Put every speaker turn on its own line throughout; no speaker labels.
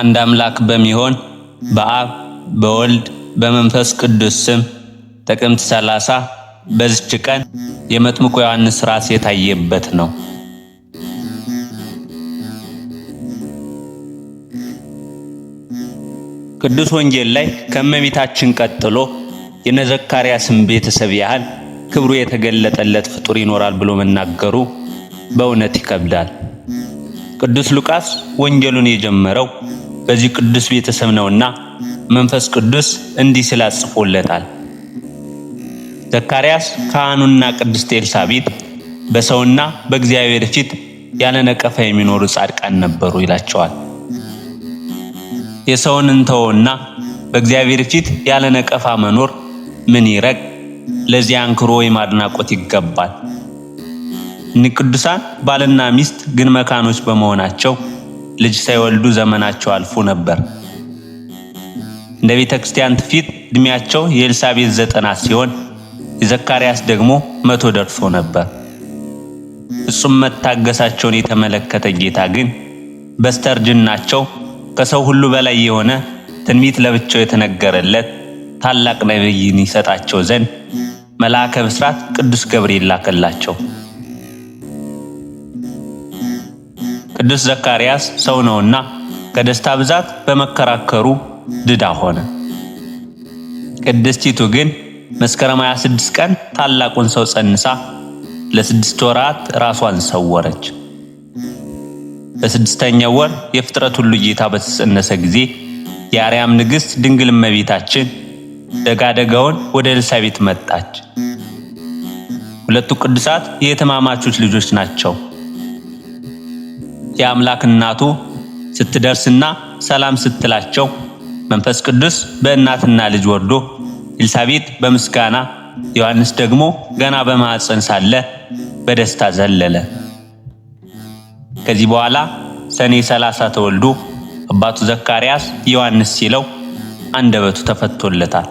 አንድ አምላክ በሚሆን በአብ በወልድ በመንፈስ ቅዱስ ስም ጥቅምት 30 በዚች ቀን የመጥምቁ ዮሐንስ ራስ የታየበት ነው። ቅዱስ ወንጌል ላይ ከእመቤታችን ቀጥሎ የነዘካርያስን ቤተሰብ ያህል ክብሩ የተገለጠለት ፍጡር ይኖራል ብሎ መናገሩ በእውነት ይከብዳል። ቅዱስ ሉቃስ ወንጌሉን የጀመረው በዚህ ቅዱስ ቤተሰብ ነውና መንፈስ ቅዱስ እንዲህ ስላጽፎለታል። ዘካርያስ ካህኑና ቅድስት ኤልሳቤጥ በሰውና በእግዚአብሔር ፊት ያለ ነቀፋ የሚኖሩ ጻድቃን ነበሩ ይላቸዋል። የሰውን እንተወውና በእግዚአብሔር ፊት ያለ ነቀፋ መኖር ምን ይረግ ለዚህ አንክሮ አድናቆት ይገባል። ንቅዱሳን ባልና ሚስት ግን መካኖች በመሆናቸው ልጅ ሳይወልዱ ዘመናቸው አልፎ ነበር። እንደ ቤተ ክርስቲያን ትፊት እድሜያቸው የኤልሳቤት ዘጠና ሲሆን የዘካርያስ ደግሞ መቶ ደርሶ ነበር። እሱም መታገሳቸውን የተመለከተ ጌታ ግን በስተርጅናቸው ከሰው ሁሉ በላይ የሆነ ትንቢት ለብቻው የተነገረለት ታላቅ ነቢይን ይሰጣቸው ዘንድ መልአከ ብስራት ቅዱስ ገብርኤል ላከላቸው። ቅዱስ ዘካርያስ ሰው ነውና ከደስታ ብዛት በመከራከሩ ድዳ ሆነ። ቅድስቲቱ ግን መስከረም 26 ቀን ታላቁን ሰው ጸንሳ ለስድስት ወራት ራሷን ሰወረች። በስድስተኛው ወር የፍጥረት ሁሉ ጌታ በተጸነሰ ጊዜ የአርያም ንግሥት ድንግል እመቤታችን ደጋደጋውን ወደ ኤልሳቤጥ መጣች። ሁለቱ ቅዱሳት የተማማቾች ልጆች ናቸው። የአምላክ እናቱ ስትደርስና ሰላም ስትላቸው መንፈስ ቅዱስ በእናትና ልጅ ወርዶ ኤልሳቤጥ በምስጋና ዮሐንስ ደግሞ ገና በማኅፀን ሳለ በደስታ ዘለለ። ከዚህ በኋላ ሰኔ ሰላሳ ተወልዶ አባቱ ዘካርያስ ዮሐንስ ሲለው አንደበቱ ተፈቶለታል።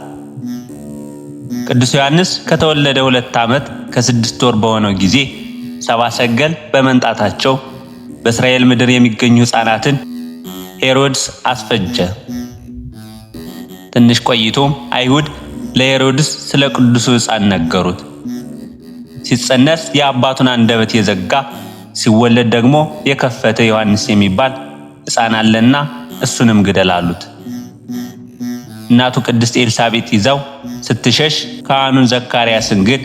ቅዱስ ዮሐንስ ከተወለደ ሁለት ዓመት ከስድስት ወር በሆነው ጊዜ ሰባ ሰገል በመንጣታቸው በእስራኤል ምድር የሚገኙ ሕፃናትን ሄሮድስ አስፈጀ። ትንሽ ቆይቶም አይሁድ ለሄሮድስ ስለ ቅዱሱ ሕፃን ነገሩት። ሲጸነስ የአባቱን አንደበት የዘጋ ሲወለድ ደግሞ የከፈተ ዮሐንስ የሚባል ሕፃን አለና እሱንም ግደል አሉት። እናቱ ቅድስት ኤልሳቤጥ ይዛው ስትሸሽ ካህኑን ዘካርያስን ግን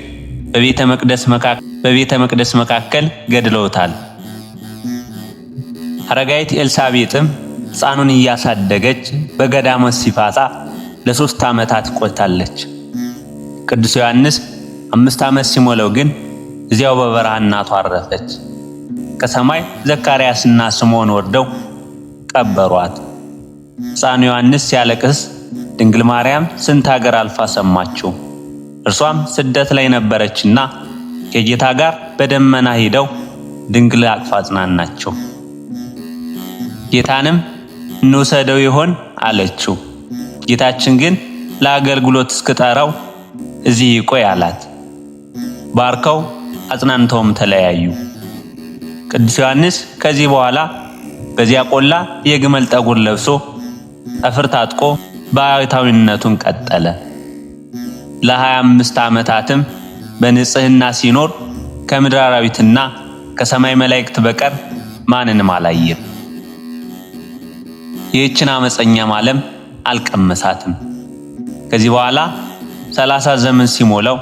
በቤተ መቅደስ መካከል ገድለውታል። አረጋዊት ኤልሳቤጥም ሕፃኑን እያሳደገች በገዳመ ሲፋጣ ለሶስት ዓመታት ቆይታለች። ቅዱስ ዮሐንስ አምስት ዓመት ሲሞላው ግን እዚያው በበረሃ እናቱ አረፈች። ከሰማይ ዘካርያስና ስምዖን ወርደው ቀበሯት። ሕፃኑ ዮሐንስ ሲያለቅስ ድንግል ማርያም ስንት ሀገር አልፋ ሰማችው። እርሷም ስደት ላይ ነበረችና ከጌታ ጋር በደመና ሄደው ድንግል አቅፋ አጽናናቸው። ጌታንም እንውሰደው ይሆን አለችው። ጌታችን ግን ለአገልግሎት እስክጠራው እዚህ ይቆይ አላት። ባርከው አጽናንተውም ተለያዩ። ቅዱስ ዮሐንስ ከዚህ በኋላ በዚያ ቆላ የግመል ጠጉር ለብሶ እፍር ታጥቆ ባህታዊነቱን ቀጠለ። ለ አምስት ዓመታትም በንጽህና ሲኖር አራዊትና ከሰማይ መላእክት በቀር ማንንም አላየም። ይህችን አመፀኛም ዓለም አልቀመሳትም። ከዚህ በኋላ ሰላሳ ዘመን ሲሞላው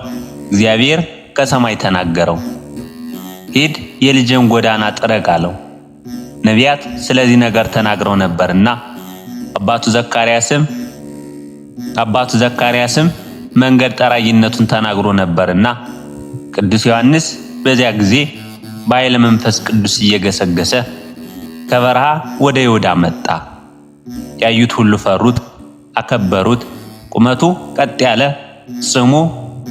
እግዚአብሔር ከሰማይ ተናገረው። ሂድ የልጅን ጎዳና ጥረግ አለው። ነቢያት ስለዚህ ነገር ተናግረው ነበርና አባቱ ዘካርያስም አባቱ ዘካርያስም መንገድ ጠራይነቱን ተናግሮ ነበርና ቅዱስ ዮሐንስ በዚያ ጊዜ በኃይለ መንፈስ ቅዱስ እየገሰገሰ ከበረሃ ወደ ይሁዳ መጣ። ያዩት ሁሉ ፈሩት፣ አከበሩት። ቁመቱ ቀጥ ያለ፣ ጽሙ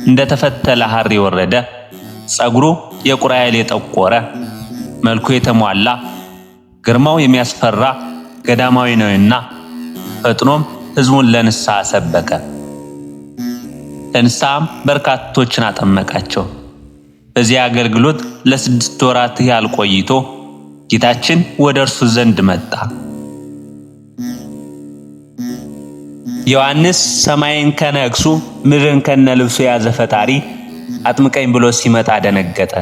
እንደ ተፈተለ ሐር የወረደ፣ ጸጉሩ የቁራ ያህል የጠቆረ፣ መልኩ የተሟላ ግርማው የሚያስፈራ ገዳማዊ ነውና ፈጥኖም ህዝቡን ለንስሐ ሰበከ። ለንስሐም በርካቶችን አጠመቃቸው። በዚህ አገልግሎት ለስድስት ወራት ያህል ቆይቶ ጌታችን ወደ እርሱ ዘንድ መጣ። ዮሐንስ ሰማይን ከነግሱ ምድርን ከነ ልብሱ የያዘ ፈጣሪ አጥምቀኝ ብሎ ሲመጣ ደነገጠ፣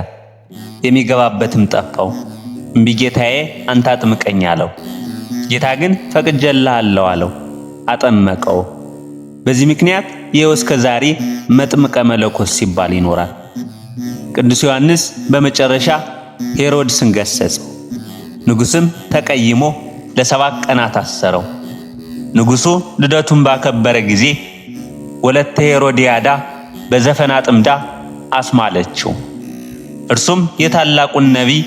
የሚገባበትም ጠፋው። እምቢ ጌታዬ፣ አንተ አጥምቀኝ አለው። ጌታ ግን ፈቅጄልሃለሁ አለው። አጠመቀው። በዚህ ምክንያት ይኸው እስከ ዛሬ መጥምቀ መለኮት ሲባል ይኖራል። ቅዱስ ዮሐንስ በመጨረሻ ሄሮድስን ገሰጸ። ንጉሥም ተቀይሞ ለሰባት ቀናት አሰረው። ንጉሡ ልደቱን ባከበረ ጊዜ ወለተ ሄሮዲያዳ በዘፈን አጥምዳ አስማለችው። እርሱም የታላቁን ነቢይ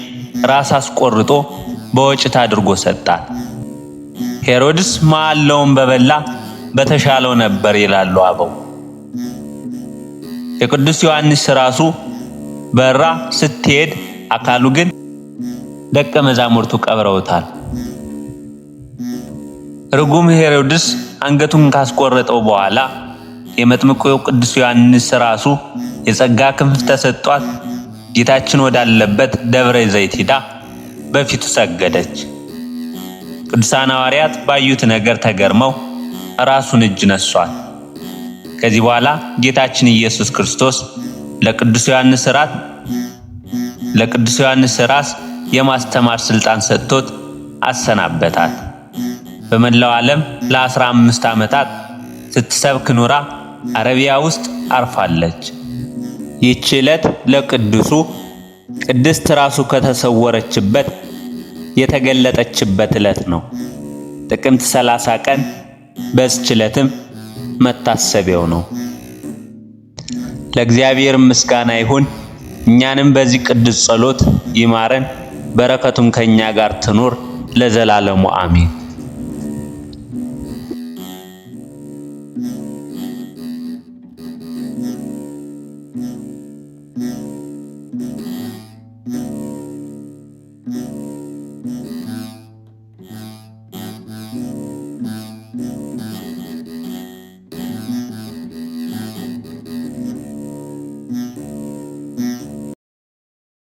ራስ አስቆርጦ በወጭት አድርጎ ሰጣት። ሄሮድስ መሐላውን በበላ በተሻለው ነበር ይላሉ አበው። የቅዱስ ዮሐንስ ራሱ በራ ስትሄድ፣ አካሉ ግን ደቀ መዛሙርቱ ቀብረውታል። ርጉም ሄሮድስ አንገቱን ካስቆረጠው በኋላ የመጥምቁ ቅዱስ ዮሐንስ ራሱ የጸጋ ክንፍ ተሰጧት። ጌታችን ወዳለበት ደብረ ዘይት ሂዳ በፊቱ ሰገደች። ቅዱሳን ሐዋርያት ባዩት ነገር ተገርመው ራሱን እጅ ነሷል። ከዚህ በኋላ ጌታችን ኢየሱስ ክርስቶስ ለቅዱስ ዮሐንስ ራት ለቅዱስ ዮሐንስ ራስ የማስተማር ስልጣን ሰጥቶት አሰናበታት። በመላው ዓለም ለአስራ አምስት ዓመታት ስትሰብክ ኑራ አረቢያ ውስጥ አርፋለች። ይህች ዕለት ለቅዱሱ ቅድስት ራሱ ከተሰወረችበት የተገለጠችበት ዕለት ነው። ጥቅምት 30 ቀን በዝች ዕለትም መታሰቢያው ነው። ለእግዚአብሔር ምስጋና ይሁን። እኛንም በዚህ ቅዱስ ጸሎት ይማረን፣ በረከቱም ከኛ ጋር ትኖር ለዘላለሙ አሜን።